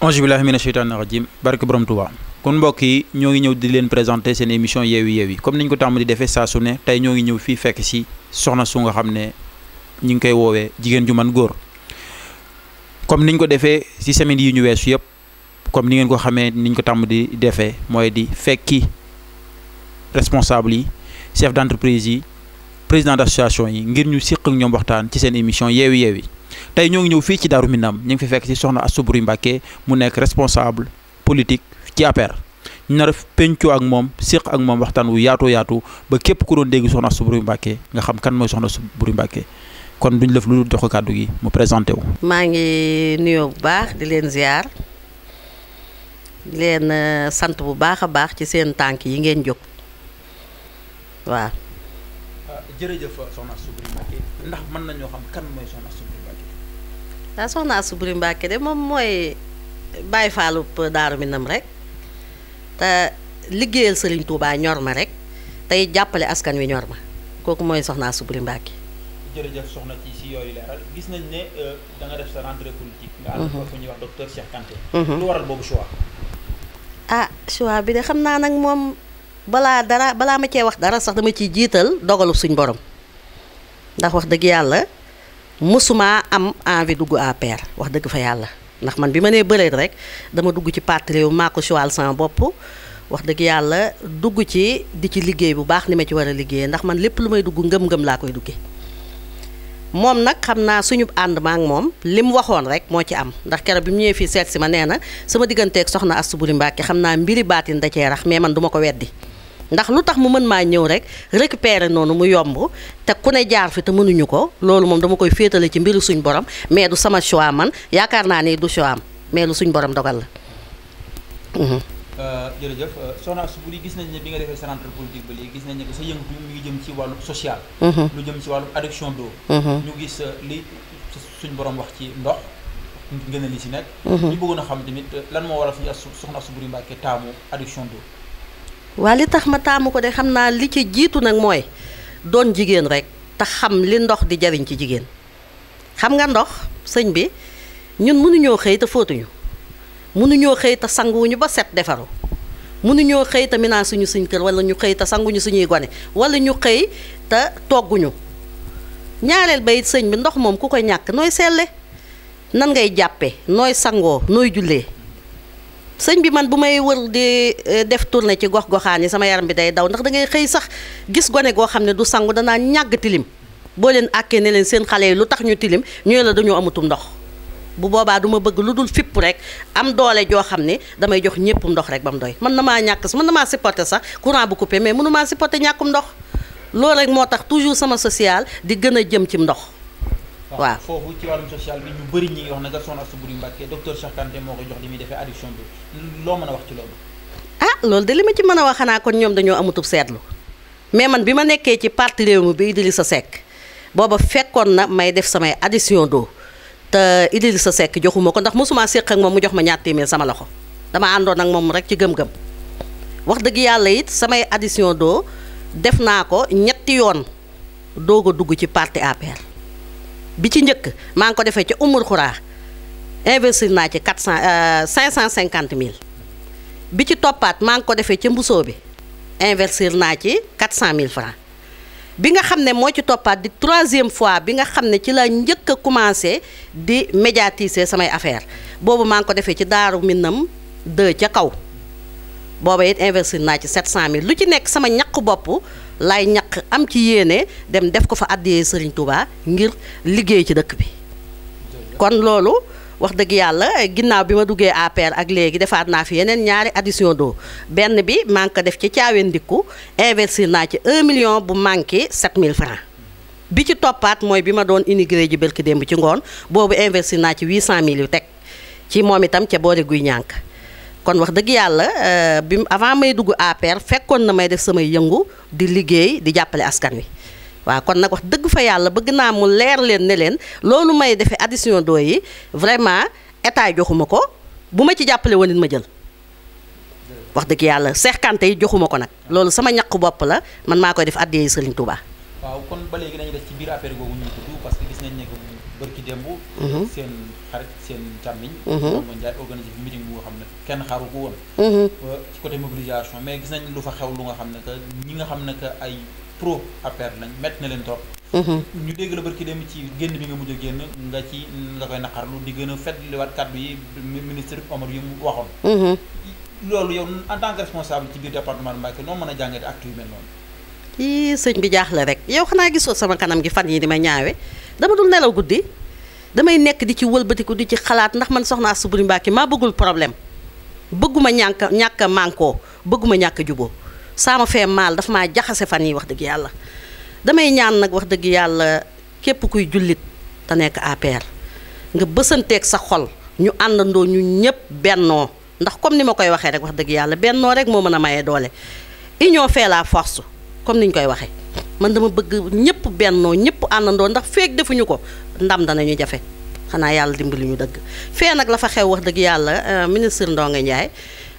ange billahi mina sheytaani rajim barke borom Touba kon mbok yi ñoo ngi ñëw di leen présenter seen émission yewi yewi comme niñ ko tàmm di défé sa suné tay tey ñoo ngi ñëw fii fekk ci soxna su nga xamné ne ñu ngi koy woowee jigéen ju man gor comme niñ ko défé ci semaine yi ñu weesu yépp comme ni ngeen ko xamé niñ ko tàmm di défé moy di fekki responsable yi chef d'entreprise yi président d'association yi ngir ñu siq ñom ñoom waxtaan ci seen émission yewi yewi tay ñoo ngi ñëw fii ci daru Minam ñu ngi fi fekk ci soxna Astou Boury mu nekk responsable politique ci aper ñu nar a ak mom séq ak mom waxtan wu yaatoo yaatu ba kep ku doon dégg soxna Astou Boury nga xam kan moy soxna Astou Boury kon duñ leuf lu dox ko kàddu gi mu présenté wu. ma ngi nuyo bu baax di leen ziar di leen euh, sant bu baax a baax ci seen tànk yi ngeen jóg waaw. Ah, jërëjëf soxna Astou Boury ndax mën nañoo xam kan mooy soxna Astou waaw soxna Astou Boury Mbacké moom mooy bàyyi faalub daaru minam rek liggéeyal Serigne Touba ñor ma rek tey jàppale askan wi ñor ma kooku mooy soxna Astou Boury Mbacké. ñuy wax docteur Cheikh mhm. waral boobu choix. ah choix bi de xam naa nag moom balaa dara balaa ma cee wax dara sax dama ciy jiital dogalu suñ borom ndax wax dëgg yàlla. mësumaa am envie dugg APR wax dëgg fa yàlla ndax man bi ma nee bëreet rek dama dugg ci parti réew maa ko choisir sama bopp wax dëgg yàlla dugg ci di ci liggéey bu baax ni ma ci war a liggéeyee ndax man lépp lu may dugg ngëm-ngëm laa koy duggee moom nag xam naa suñu ànd ma moom li mu waxoon rek moo ci am ndax keroog bi mu ñëwee fii seet si ma nee na sama digganteeg soxna Astou Boury Mbacké xam naa mbiri baatin da cee rax mais man duma ko weddi ndax lutax mu mën ma ñëw rek récupérer nonu mu yomb té ku ne jaar fi te mënuñu ko lolu mom dama koy fétalé ci mbiru suñ borom mais du sama choix man yaakar na né du choix am mais lu suñ borom dogal la. Mhm. euh jërëjëf euh, soxna su bu di gis nañ ne bi nga défé centre politique ba li gis nañ ne que sa yëngu mi ngi jëm ci walu social. Mhm. lu jëm ci walu adoption d'eau. Mhm. ñu gis euh, li suñ borom wax ci ndox. ngëna li si nekk. ñu bëggoon a xam tamit euh, lan mo wara fi soxna su buri mbàkkee taamu adoption d'eau. waa li tax ma taamu ko de xam naa li ci jiitu nag mooy doon jigéen rek te xam li ndox di jariñ ci jigéen xam nga ndox sëñ bi ñun mënuñoo xëy te fóotuñu mënuñoo xëy te sanguwuñu ba set defaru mënuñoo xëy te minaa suñu suñ kër wala ñu xëy te sanguñu suñuy gone wala ñu xëy te togguñu ñaareel bayit sëñ bi ndox moom ku ko ñàkk nooy selle nan ngay jàppe nooy sangoo nooy jullee sëñ bi man bu may wër di eh, def tournée ci gox-goxaan yi sama yaram bi day daw ndax da ngay xëy sax gis gone goo xam ne du sangu danaa ñàgg tilim boo leen àkkee ne leen seen xale yi lu tax ñu tilim ñooy la dañoo amatu ndox bu boobaa du ma bëgg lu dul fipp rek am doole joo xam ne damay jox ñëppum ndox rek ba mu doy mën na maa ñàkk mën na maa supporter sax courant bu coupé mais mënu maa supporter ñàkkum ndox loolu rek moo tax toujours sama sociale di gën a jëm ci ndox waaw foofu ci wàllum social bi ñu bëri ñi ngi wax na docteur Cheikh Kanté moo koy jox li muy defee addiction bi loo mën a wax ci loolu ah loolu de li ma ci mën a wax xanaa ma def samay addition te Idrissa Seck joxuma ko ndax mosuma séq ak moom mu jox ma ñaar téeméer sama loxo dama àndoon ak moom rek ci gëm-gëm wax def naa ko ñetti yoon doog a dugg bi ci njëkk maa ngi ko defee ca Umul Xuraa investir naa ci quatre cent euh, cinq cent cinquante mille bi ci toppaat maa ngi ko defee ca mbusoo bi investir naa ci quatre cent mille francs bi nga xam ne moo ci toppaat di troisième fois bi nga xam ne ci la njëkk a commencé di médiatiser samay affaire boobu maa ngi ko defee ci daaru Minam deux ca kaw booba it investir naa ci sept cent mille lu ci nekk sama ñaq bopp lay ñaq am ci yéene dem def ko fa àddiyee Serigne Touba ngir liggéey ci dëkk bi kon loolu wax dëgg yàlla ginnaaw bi ma duggee APR ak léegi defaat naa fi yeneen ñaari addition d'eau benn bi man def ci caaween ndikku investir naa ci 1 million bu manqué mille francs bi ci toppaat mooy bi ma doon immigré ji bërki démb ci ngoon boobu investir naa ci 800000 yu teg ci moom itam ca boori guy ñànk kon wax dëgg yàlla euh, bi avant may dugg APR fekkoon na may def samay yëngu di liggéey di jàppale askan wi waaw kon nag wax dëgg fa yàlla bëgg naa mu leer leen ne leen loolu may defee addition doo yi vraiment état joxuma ko bu ma ci jàppale woon ma jël. wax dëgg yàlla seexkante yi joxuma ko nag loolu sama ñaq bopp la man maa koy def addiyeey Serigne Touba. xarit seen càmmiñ. Ndongo mhm. Ndiaye organisé fi meeting bu nga xam ne kenn xaru ko woon. Mhm. ci côté mobilisation mais gis nañ lu fa xew lu nga xam ne que ñi nga xam ne que ay pro APR lañ métti na leen trop. Mhm. ñu dégg la barki dem ci génn bi nga mujj a génn nga ci nga koy naqarlu di gën a fetliwaat kàddu yi ministre Omar yi mu waxoon. loolu yow en tant que responsable ci biir département de Mbacké noo mën a jàngate acte yu mel noonu. ii sëñ bi jaaxle rek yow damay nekk di ci wëlbatiku di ci xalaat ndax man soxna Astou Boury Mbacké maa bëggul problème bëgguma ñànk ñàkk a mànkoo bëgguma ñàkk juboo saa ma fee maal dafa maa jaxase fan yi wax dëgg yàlla damay ñaan nag wax dëgg yàlla képp kuy jullit te nekk APR nga bësanteeg sa xol ñu àndandoo ñu ñëpp bennoo ndax comme ni ma koy waxee rek wax dëgg yàlla bennoo rek moo mën a mayee doole union fait la force comme ni ñu koy waxee man dama bëgg ñëpp bennoo ñëpp àndandoo ndax feek defuñu ko ndam danañu jafe xanaa yàlla dimbali ñu dëgg fee nag la fa xew wax dëgg yàlla euh, ministre Ndonga Ndiaye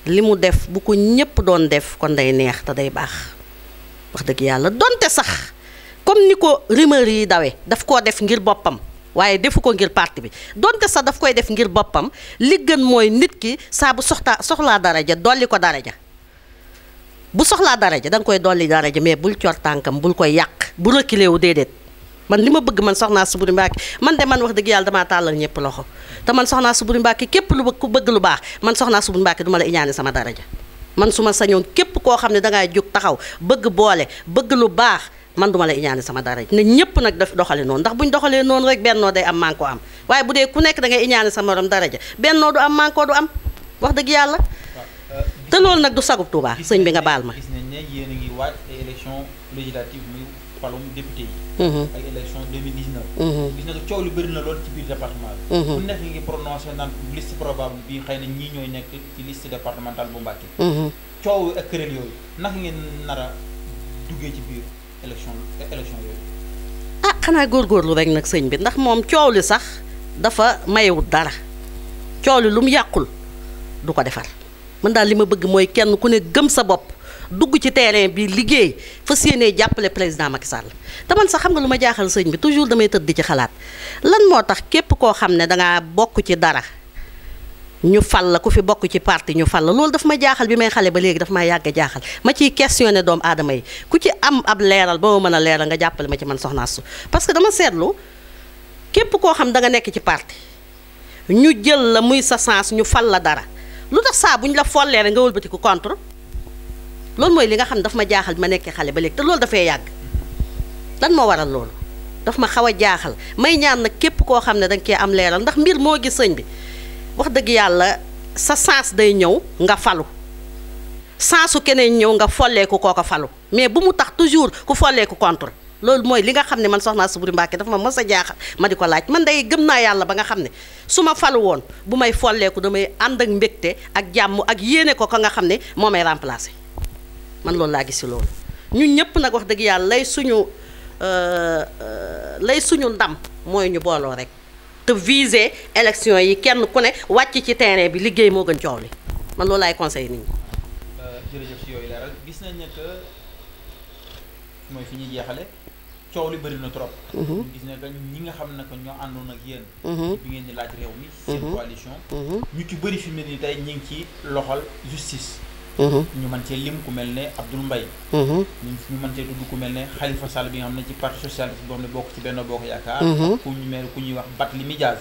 li mu def bu ko ñëpp doon def kon day neex te day baax wax dëgg yàlla donte sax comme ni ko rumeur yi dawee daf koo def ngir boppam waaye defu ko ngir parti bi donte sax daf koy def ngir boppam li gën mooy nit ki saabu bu soxtaa soxlaa daraja dolli ko daraja bu soxlaa daraja da nga koy dolli daraja mais bul cor tànkam bul ko yàq bu reculé wu déedéet man li ma bëgg man soxnaa Soubry Mbacké man de man wax dëgg yàlla damaa tàllal ñëpp loxo te man soxnaa Soubry Mbacké képp lu ku bëgg lu baax man soxnaa Soubry Mbacké du ma la sama daraja man su ma képp koo xam ne dangaa jóg taxaw bëgg boole bëgg lu baax man duma la iñaane sama daraja ne ñëpp nag daf doxali noonu ndax bu ñu doxalee noonu rek bennoo day am manko am waaye bu dee ku nekk da ngay iñaane sa morom daraja bennoo du am manko du am wax dëgg yàlla te loolu nag du sagub Touba sëñ bi nga baal ma. gis nañ ne yéen a ngi waaj ay élection législative muy palum député mhm. mhm. coow lu bëri na lool ci biir département bi. Mhm. ku nekk xëy na ñii ñooy nekk ci liste départementale bu Mbacké. coow ak kuréel yooyu naka ngeen a duggee ci biir élection élection yooyu. ah xanaa góorgóorlu rek nag sëñ bi ndax moom coow li sax dafa mayewut dara coow li lu mu yàqul du ko defar. man daal li ma bëgg mooy kenn ku ne gëm sa bopp dugg ci terrain bi liggéey fa yéenee jàppale président Macky Sall te man sax xam nga lu ma jaaxal sëñ bi toujours damay tëdd di ci xalaat lan moo tax képp koo xam ne dangaa bokk ci dara ñu fal la ku fi bokk ci parti ñu fal la loolu daf ma jaaxal bi may xale ba léegi daf may yàgg jaaxal ma ciy questionné doom aadama yi ku ci am ab leeral ba ma mën a leeral nga jàppale ma ci man soxna su parce que dama seetlu képp koo xam danga nekk ci parti ñu jël la muy sa sens ñu fal la dara. lu tax saa bu ñu la follee rek nga wëlbatiku contre loolu mooy li nga xam ne daf ma jaaxal bi ma nekkee xale ba léegi te loolu dafay yàgg dan moo waral loolu dafa ma xaw a jaaxal may ñaan nag képp koo xam ne danga kee am leeral ndax mbir moo gis sëñ bi wax dëgg yàlla sa sens day ñëw nga falu sensu keneen ñëw nga folleeku kooka falu mais bu mu tax toujours ku folleeku contre loolu mooy li nga xam ne man soxna Asuburi Mbàkke dafa ma mës a jaaxal ma di ko laaj man day gëm naa yàlla ba nga xam ne su ma falu woon bu may folleeku damay ànd ak mbégte ak jàmm ak yéene ko ko nga xam ne moo may remplacer man loolu laa gis si loolu ñun ñëpp nag wax dëgg yàlla lay suñu euh, euh, lay suñu ndam mooy ñu booloo rek te viser élection yi kenn ku ne wàcc ci terrain bi liggéey moo gën coow li man loolu laay conseil nit ñi. Euh, yooyu gis nañ ne que mooy coow li bëri na trop. Mhm. gis ne ñi nga xam na que ñoo àndoon ak yéen. Mhm. bi ngeen di laaj réew mi. Mhm. seen coalition. ñu ci bëri fi ñu ngi ci loxol justice. ñu mën cee lim ku mel ne Abdoul Mbaye. ñu mën cee tudd ku mel ne Khalifa Sall bi nga xam ci parti socialiste boo bokk ci benn bokk yaakaar. ku ñu mel ku ñuy wax Barthélémy Dias.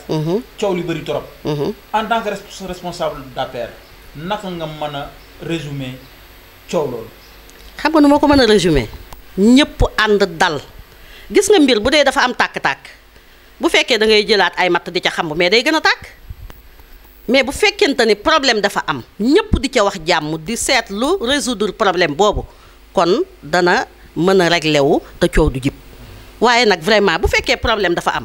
coow li bëri trop. en tant que responsable d'APR naka nga a résumer coow loolu. xam nga nu ko mën a résumer. ñëpp ànd dal. gis nga mbir bu dee dafa am tàkk-tàkk bu fekkee da ngay jëlaat ay matt di ca xamb mais day gën a tàkk mais bu fekkente ni problème dafa am ñëpp di ca wax jàmm di seetlu résoudre problème boobu kon dana mën a réglé wu te coow du jib waaye nag vraiment bu fekkee problème dafa am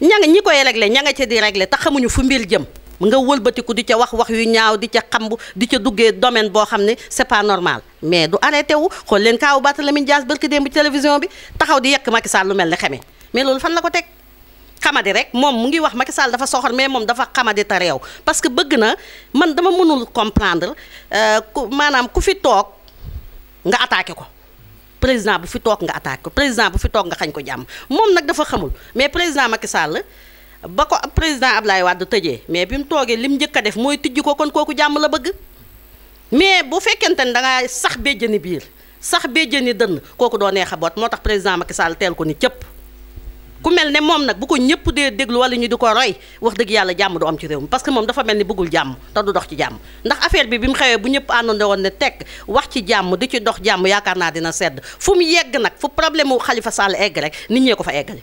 ña nga ñi koy réglé ña nga ca di réglé te xamuñu fu mbir jëm nga wëlbatiku di ca wax wax yu ñaaw di ca xambu di ca duggee domaine boo xam ne c'est pas normal mais du arrêté wu xool leen kaawu Barthélémy Dias barki démb ci télévision bi taxaw di yekk Macky Sall lu mel ne xeme mais loolu fan la ko teg xamadi rek moom mu ngi wax Macky Sall dafa soxor mais moom dafa xamadi te réew parce que bëgg na man dama mënul comprendre euh, ku maanaam ku fi toog nga attaqué ko président bu fi toog nga attaqué ko président bu fi toog nga xañ ko jàmm moom nag dafa xamul mais président Macky Sall ba ko président ab Ablaye Wade tëjee mais bi mu toogee lim njëkk a def mooy tijji ko kon kooku jàmm la bëgg mais bu fekkente ne da sax sax béjjëni biir sax béjjëni dënn kooku doo neex a boot moo tax président Macky Sall teel ko ni cëpp ku mel ne moom nag bu ko ñëpp dee déglu wala ñu di ko roy wax dëgg yàlla jàmm du am ci réew mi parce que moom dafa mel ni bëggul jàmm te du dox ci jàmm ndax affaire bi bi mu xewee bu ñëpp àndandoo woon ne tekk wax ci jàmm di ci dox jàmm yaakaar naa dina sedd fu mu yegg nag fu problème wu Khalifa Sall egg rek nit ñee ko fa eggale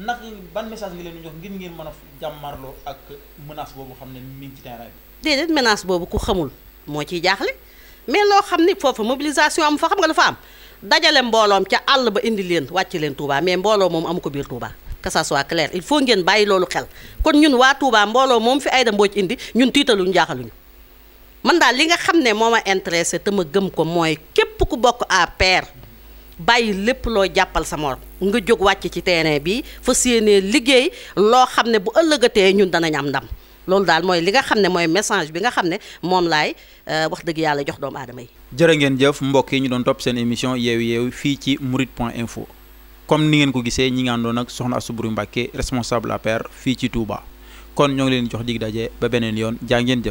nag ban message nga leen di jox ngir ngeen mën a jàmmarloo ak menace boobu xam ne mi ngi ci terrain menace boobu ku xamul moo ciy jaaxle mais loo xam ni foofu mobilisation am fa xam nga lu am dajale mbooloom ca àll ba indi leen wàcc leen Touba mais mbooloo moom amu ko biir Touba. que ça soit clair faut ngeen bàyyi loolu xel kon ñun waa Touba mbooloo moom fi Aïda Mbodj indi ñun tiitaluñu jaaxaluñu man daal li nga xam ne moo intéressé te ma gëm ko mooy képp ku bokk APR bàyyi lépp loo jàppal sa morom nga jóg wàcc ci terrain bi fa yéenee liggéey loo xam ne bu ëllëgatee ñun danañ am ndam loolu daal mooy li nga xam ne mooy message bi nga xam ne moom laay euh, wax dëgg yàlla jox doomu aadama yi. jërë ngeen jëf mbokk yi ñu doon topp seen émission yeewu yeewu fii ci mourides point info comme ni ngeen ko gisee ñi nga àndoon ak soxna Astou Boury Mbacké responsable APR fii ci Touba kon ñoo ngi leen jox dig daje ba beneen yoon jaa ngeen